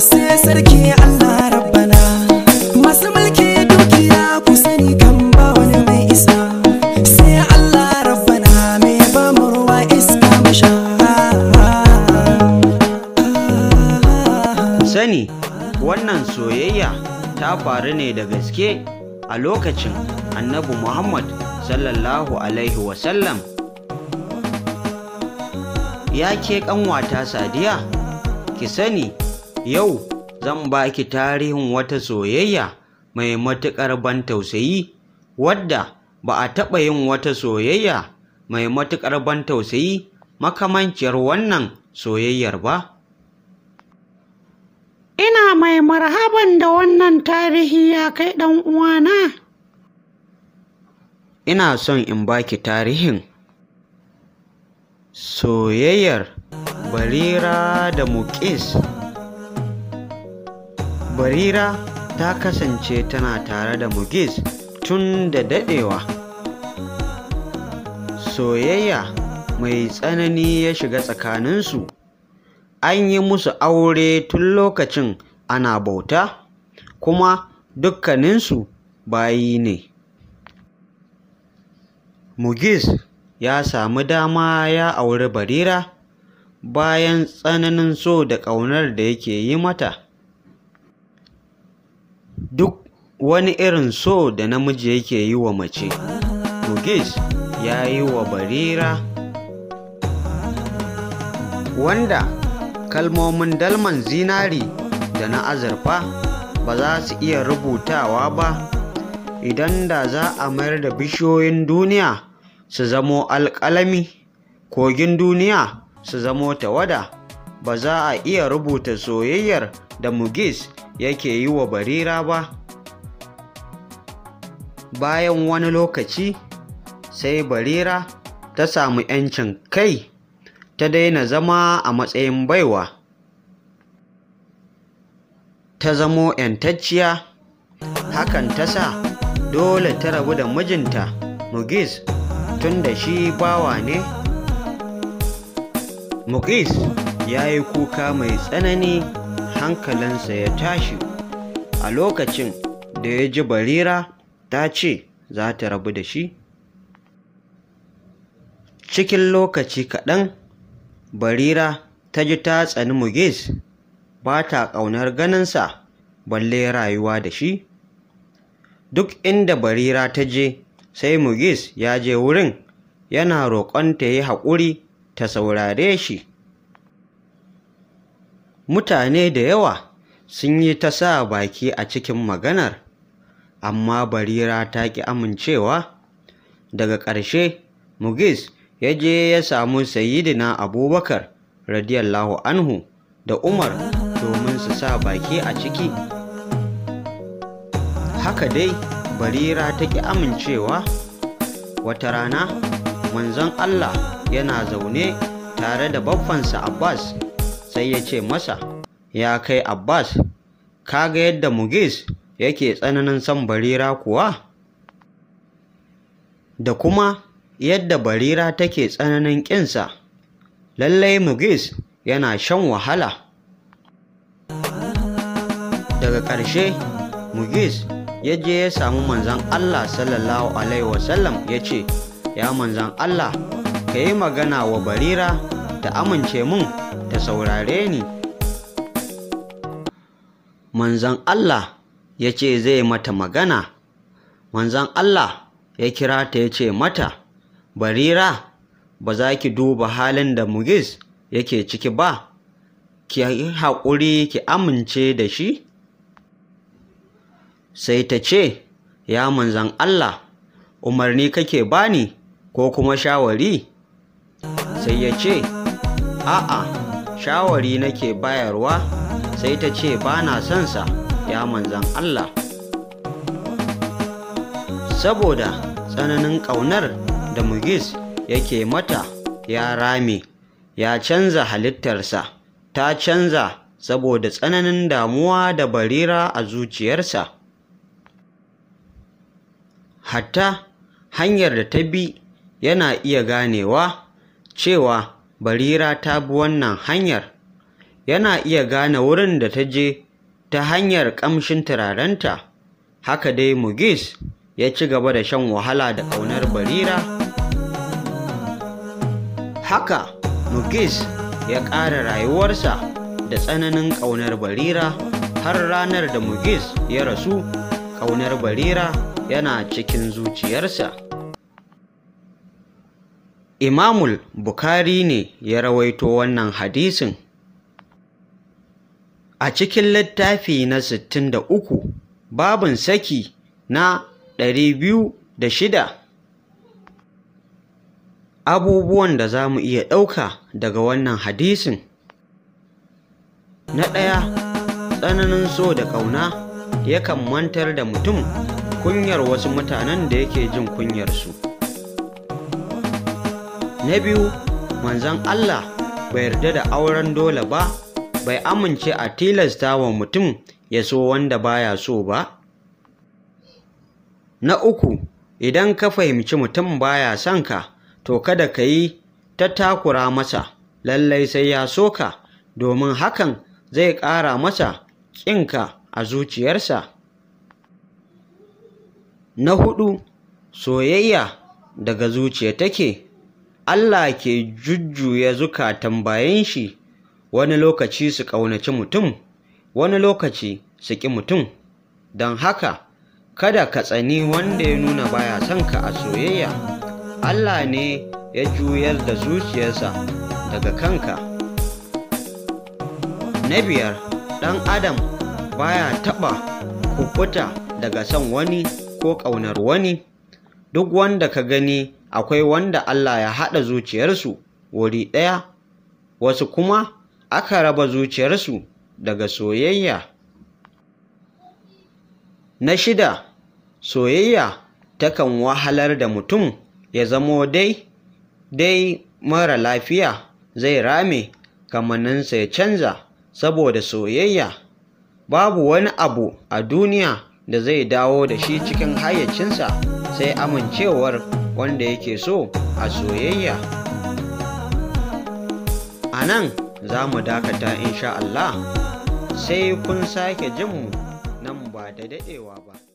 sai sarki Allah rabbana masu mulki dukiya ku sani kan ba wani mai isa sai Allah rabbana mai ba mu ruwa iska masha sani wannan soyayya ta faru ne da gaske a lokacin annabi Muhammad sallallahu alaihi wasallam ya ke kanwata sadiya ki sani Yau zan ba ki tarihin wata soyayya mai matuƙar ban tausayi wadda ba a taɓa yin wata soyayya mai matuƙar ban tausayi makamanciyar wannan soyayyar ba. Ina mai marhaban da wannan tarihi ya kai ɗan uwana. Ina son in baki tarihin soyayyar Barira da Mukis. barira ta kasance tana tare da Mugis tun da dadewa soyayya mai tsanani ya shiga tsakaninsu an yi musu aure tun lokacin ana bauta kuma dukkaninsu bayi ne Mugis ya samu dama ya auri barira bayan tsananin so da ƙaunar da yake yi mata duk wani irin so da namiji yake yi wa mace Bugis ya yi wa Barira wanda kalmomin dalman zinari da na azurfa ba za su iya rubutawa ba idan da za a mayar da bishiyoyin duniya su zamo alƙalami kogin duniya su zamo tawada ba za a iya rubuta soyayyar da Mugis yake yi wa Barira ba. Bayan wani lokaci, sai Barira ta samu ‘yancin kai, ta daina zama a matsayin baiwa. Ta zamo ‘yantacciya, hakan ta sa dole ta rabu da mijinta, Mugis, tun da shi bawa ne. Mugis. ya yi kuka mai tsanani hankalinsa ya tashi a lokacin da ya ji barira ta ce za ta rabu da shi cikin lokaci kaɗan barira ta ji ta tsani mugis ba ta ƙaunar ganinsa balle rayuwa da shi duk inda barira ta je sai mugis ya je wurin yana roƙon ta yi haƙuri ta saurare shi Mutane da yawa sun yi ta sa baki a cikin maganar, amma Barira ta ƙi amincewa. Daga ƙarshe, Mugis ya je ya samu sayidina Abubakar radiyallahu anhu da Umar domin su sa baki a ciki. Haka dai, Barira ta ƙi amincewa. Wata rana, manzon Allah yana zaune tare da baffansa Abbas sai ya ce masa ya kai abbas ka ga yadda mugis yake tsananin son barira kuwa da kuma yadda barira take tsananin ƙinsa lallai mugis yana shan wahala daga ƙarshe mugis ya je ya samu manzan allah sallallahu alaihi wasallam ya ce ya manzan allah ka yi magana wa barira ta amince mun ka saurare ni manzan Allah ya ce zai mata magana manzan Allah ya kira ta ya ce mata barira ba za ki duba halin da mugis yake ciki ba ki haƙuri ki amince da shi sai ta ce ya manzan Allah umarni kake bani ko kuma shawari sai ya ce a'a shawari nake bayarwa sai ta ce ba na son sa ya manzan Allah saboda tsananin ƙaunar da mugis yake mata ya rame ya canza halittarsa ta canza saboda tsananin damuwa da barira a zuciyarsa hatta hanyar da ta bi yana iya ganewa cewa Barira ta bi wannan hanyar. Yana iya gane wurin da ta je ta hanyar ƙamshin turarenta. Haka dai Mugis ya ci gaba da shan wahala da ƙaunar Barira. Haka Mugis ya ƙara rayuwarsa da tsananin ƙaunar Barira har ranar da Mugis ya rasu ƙaunar Barira yana cikin zuciyarsa. Imamul Bukhari ne ya rawaito wannan hadisin. A cikin littafi na 63, babin saki na 206, abubuwan da za mu iya ɗauka daga wannan hadisin. Na ɗaya, tsananin so da ƙauna yakan mantar da mutum kunyar wasu mutanen da yake jin kunyarsu. na biyu manzon Allah bai yarda da auren dole ba bai amince a tilasta wa mutum ya so wanda baya so ba na uku idan ka fahimci mutum baya son ka to kada ka yi ta takura masa lallai sai ya so ka domin hakan zai ƙara masa ƙinka a zuciyarsa na hudu soyayya daga zuciya take Allah ke jujjuya zukatan shi wani lokaci su ƙaunaci mutum wani lokaci su ƙi mutum don haka kada ka tsani wanda ya nuna baya son ka a soyayya Allah ne ya juyar da zuciyarsa daga kanka na biyar ɗan adam baya taɓa kukuta daga son wani ko ƙaunar wani duk wanda ka gani akwai wanda Allah ya haɗa zuciyarsu wuri ɗaya wasu kuma aka raba zuciyarsu daga soyayya na shida soyayya takan wahalar da mutum ya zamo dai dai mara lafiya zai rame kamaninsa ya canza saboda soyayya babu wani abu a duniya da zai dawo da shi cikin hayyacinsa sai amincewar wanda yake so a soyayya a nan za mu dakata insha Allah sai kun sake jinmu nan ba da daɗewa ba